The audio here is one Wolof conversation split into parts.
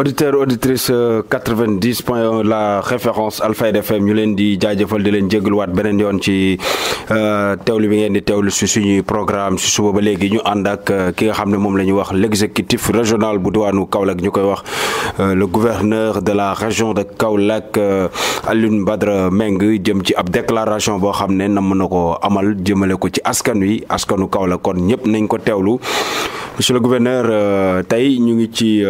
auditeur auditrice 90 la référence Alpha FM ñu leen di jaajëfal di leen jégaluwaat benen yoon ci euh, tewlu bi ngeen di tewlu suñu programme si suba ba léegi ñu and ak euh, ki nga mom lañu wax l'exécutif régional bu diwaanu Kaolack ñukoy wax euh, le gouverneur de la région de Kaolack Alioune Badre Meng jëm ci ab déclaration bo xam nam na amal jëmale ko ci askan wi askanu Kaolack kon ñep nañ ko monsieur le gouverneur tay ñu ngi ci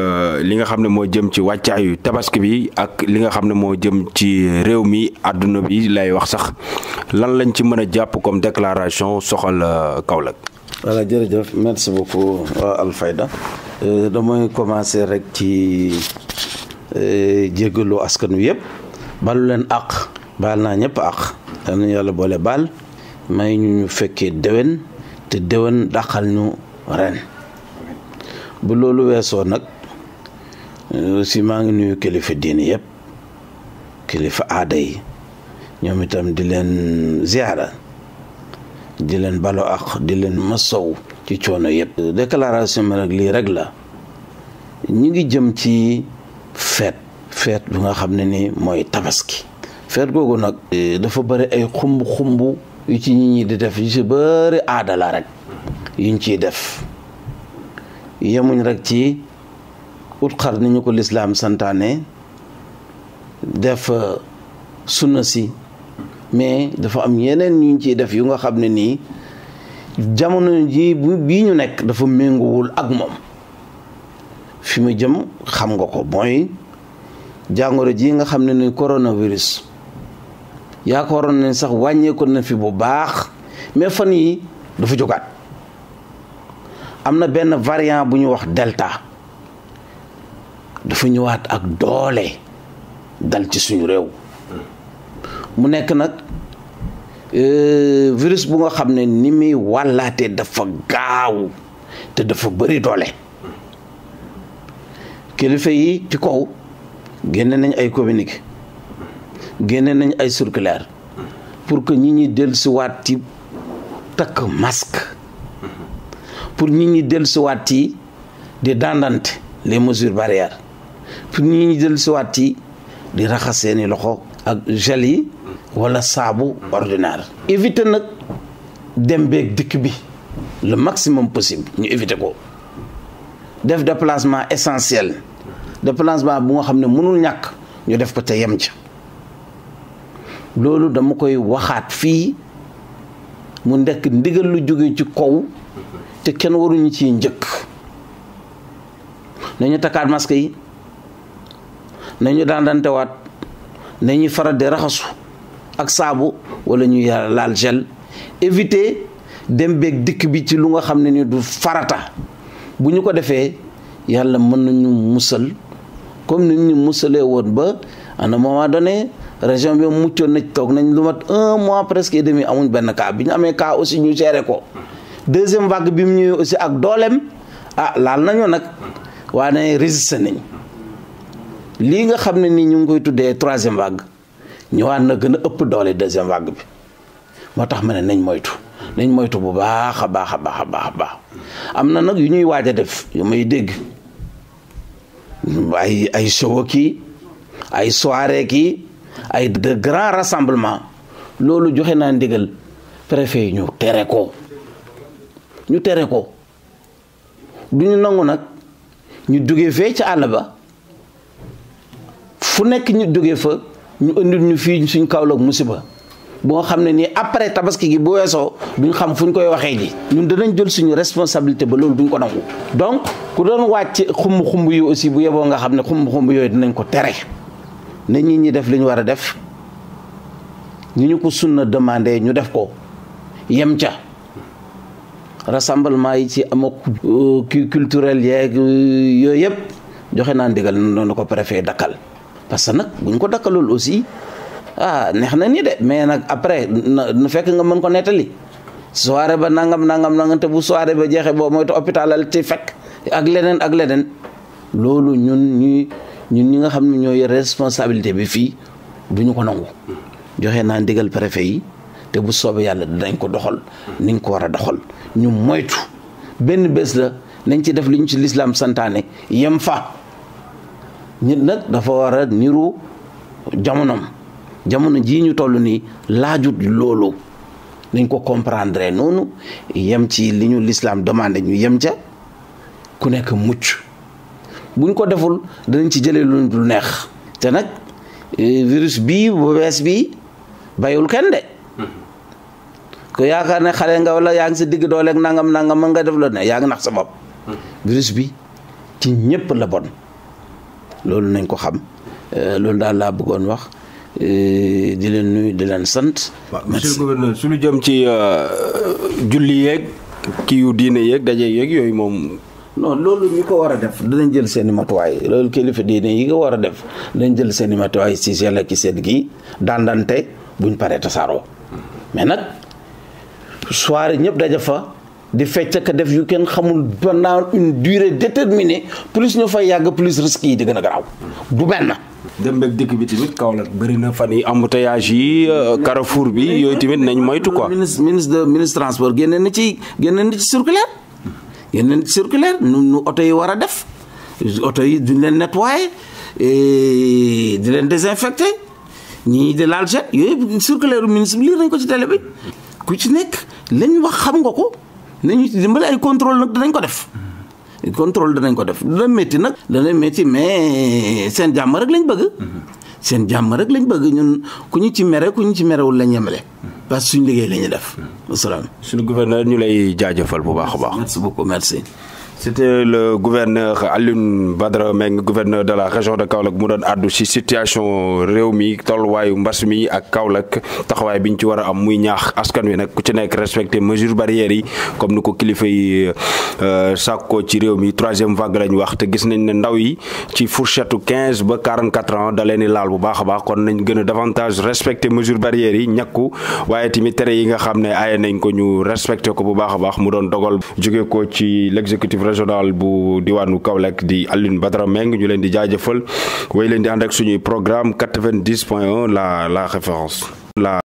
li nga moo jëm ci wàccaayu tabaski bi ak li nga xam ne moo jëm ci réew mi àdduna bi lay wax sax lan lañ ci mën a jàpp comme déclaration soxal euh, kaolak voilà jërëjëf merci beaucoup euh, alfayda euh, damay commencer rek ci jégalu askan wi yëpp balu leen àq baal naa ñëpp àq yal yàlla boole baal may ñu ñu fekkee déwén te déwén dàqal ñu ren bu loolu weesoo nag Euh, aussi maa ngi nuyu kilifa diine yëpp kilifa aada yi ñoom itam di leen ziara di leen balo ak di leen masow ci coono yëpp. déclaration bi nag lii rek la ñu ngi jëm ci feet feet bu nga xam ne ni mooy tabaski. feet googu nag euh, dafa bari ay xumb xumb yu ci nit ñi di def yu si bari aada la rek yuñ ciy def yemuñ rek ci ut xar nañu ko lislaam santaane def euh, sunna si mais dafa am yeneen ñu ciy def yu nga xam ne nii jamono ji bu bii ñu nekk dafa méngoowul ak moom fi mu jëm xam nga ko mooy jàngoro ji nga xam ne ni coronavirus yaakaaroon nañ sax wàññeeku na fi bu baax mais fan yi dafa jogaat am na benn variant bu ñu wax delta dafa ñëwaat ak doole dal ci suñu réew mu nekk nag euh, virus bu nga xam ne ni muy wàllaatee dafa gaaw te dafa bëri doole kilifa yi ci kaw génne nañ ay communique génne nañ ay circulaire pour que ñi ñi dellusiwaat ci takk masque pour ñi ñi dellusiwaat ci di dandante les mesures barrières pour ñi ñu dellu siwaat ci di raxas seeni loxo ak gel yi wala saabu ordinaire éviter nag dem beeg dikk bi le maximum possible ñu éviter ko def déplacement essentiel déplacement bu nga xam ne mënul ñàkk ñu def ko te yem ca loolu dama koy waxaat fii mu nekk ndigal lu jóge ci kaw te kenn waruñu ci njëkk nañu takkaat masque yi nañu daan dantewaat nañuy faral di raxasu ak saabu wala ñuy laal gel éviter dem beeg dikk bi ci lu nga xam ne ni du farata bu ñu ko defee yàlla mën ñu musal comme ni ñu musalee woon ba à un moment donné région bi muccoon na toog nañ lu mat un mois presque et demi amuñ benn kaa bi ñu amee cas aussi ñu géré ko deuxième vague bi mu ñëwee aussi ak dooleem ah laal nañu nag waaye résisté nañ lii nga xam ne nii ñu ngi koy tuddee troisième vague ñëwaat na gën a ëpp doole deuxième vague bi moo tax ma ne nañ moytu nañ moytu bu baax a baax a baax a baax baax am na nag yu ñuy waaj a def yu may dégg ay ay show kii ay soire kii ay de grand rassemblement loolu joxe naa ndigal préfet yi ñu tere ko ñu tere ko du ñu nangu nag ñu jóge fee ca àll ba fu nekk ñu jógee fa ñu indil ñu fii suñ Kaolack musiba boo xam ne nii après tabaski gi bu weesoo ñu xam fu ñu koy waxee ji ñun danañ jël suñu responsabilité ba loolu duñ ko nangu donc ku doon wàcc xumb xumb yi aussi bu yeboo nga xam ne xumb xumb yooyu dinañ ko tere na nit ñi def li war a def ñu ñu ko sunna demandé ñu def ko yem ca rassemblement yi ci ama euh, culturel yeeg euh, yooyu yëpp joxe naa ndigal noonu ko préfet dakkal parce nak buñ ko dakkalul aussi ah neex ni de mais nak après na fekk nga mën ko netali soirée ba nangam nangam nangam bu soirée ba jeexee boo moytu hôpitalal ti fekk ak lenen ak lenen loolu ñun ñi ñun ñi nga xamni ñoy responsabilité bi fi duñu ko nangu joxé na ndigal préfet yi té bu soobee yalla dañ ko doxal niñ ko wara doxal ñu moytu ben la nañ ci def luñ ci l'islam santaane yem fa nit nag dafa war a niru jamonom jamono jii ñu toll nii laajut loolu dañ ko comprendre noonu yem ci li ñu l'islam demandé ñu yem ca ku nekk mucc buñ ko deful danañ ci jëlee lu neex te nag eh, virus bii bu bees bii bayul kenn de ko yaakaar ne xale nga wala yaa ngi sa digg dooleeg nangam nangam mën nga def la ne yaa ngi nax sa bopp hmm. virus bi ci ñëpp la bon loolu nañ ko xam euh, loolu daal laa bëggoon wax euh, di leen nuyu di leen sant. waaw monsieur le gouverneur su lu jëm ci euh, julli yeeg kii yu diine yéeg daje yeeg yooyu moom. non loolu ñu ko war a def dinañ jël seen i matuwaay loolu kilifa diine yi nga war a def dinañ jël seeni matuwaay si seen ak seen gi dandante buñ paree tasaaroo mais nag soirée ñëpp daje fa. di fecc ak def yu kenn xamul pendant une durée déterminée plus ñu fay yàgg plus risques yi di gën a du benn. dem beeg dëkk bi tamit Kaolack bëri na fan yi embouteillage yi euh, Carrefour bi yooyu tamit nañ moytu ko ministre ministre ministre transport génne na ci génne na ci circulaire génne na ci nu nu oto yi war a def oto yi duñ leen nettoyer di leen désinfecter ñii di laal jet yooyu circulaire ministre bi lire nañ ko ci télé ku ci nekk lañ wax xam nga ko. nañu ci dimbali ay contrôle nag danañ ko def. contrôle danañ ko def dana métti nag. dana métti mais seen jàmm rek lañ bëgg. seen jàmm rek lañ bëgg ñun ku ñu ci mere ku ñu ci merewul lañ yemale. parce que suñ liggéey la ñuy def. wasalaam. suñu gouverneur ñu lay jaajëfal bu baax a baax. merci beaucoup C'était le gouverneur Alun Badra, Meng, gouverneur de la région de Kaolack mu doon situation Réumi, Tolwaï, tolluwaayu à ak Kaolack à bi ci a am muy ñaax askan wi mesures barrières comme nous qu'il kilifa euh, sako troisième vague la wax te gis nañ ne ndaw yi fourchette 15 44 ans da leen di bu a davantage respecter mesures barrières yi ñàkku waaye tamit tere yi nga xam ne aaye nañ ko ñu l'exécutif régional bu diwanu Kaolack di aline Badara Meng ñu leen di jaajëfal way leen di ànd ak suñuy programme 90.1 la la référence la